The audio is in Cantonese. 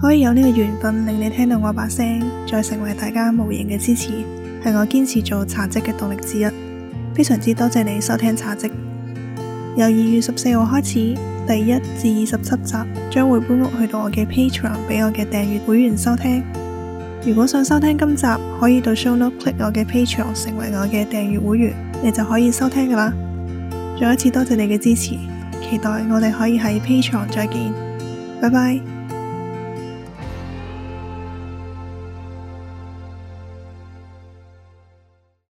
可以有呢個緣分令你聽到我把聲，再成為大家無形嘅支持，係我堅持做茶席嘅動力之一。非常之多謝你收聽茶席。由二月十四號開始，第一至二十七集將會搬屋去到我嘅 Patreon 俾我嘅訂閱會員收聽。如果想收聽今集，可以到 show note click 我嘅 Patreon 成為我嘅訂閱會員，你就可以收聽噶啦。再一次多謝你嘅支持，期待我哋可以喺 Patreon 再見。拜拜。